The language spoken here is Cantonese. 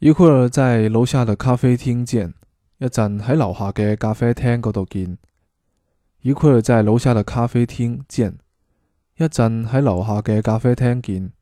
一會兒在樓下的咖啡廳見，一陣喺樓下嘅咖啡廳嗰度見，一會兒在樓下的咖啡廳見，一陣喺樓下嘅咖啡廳見。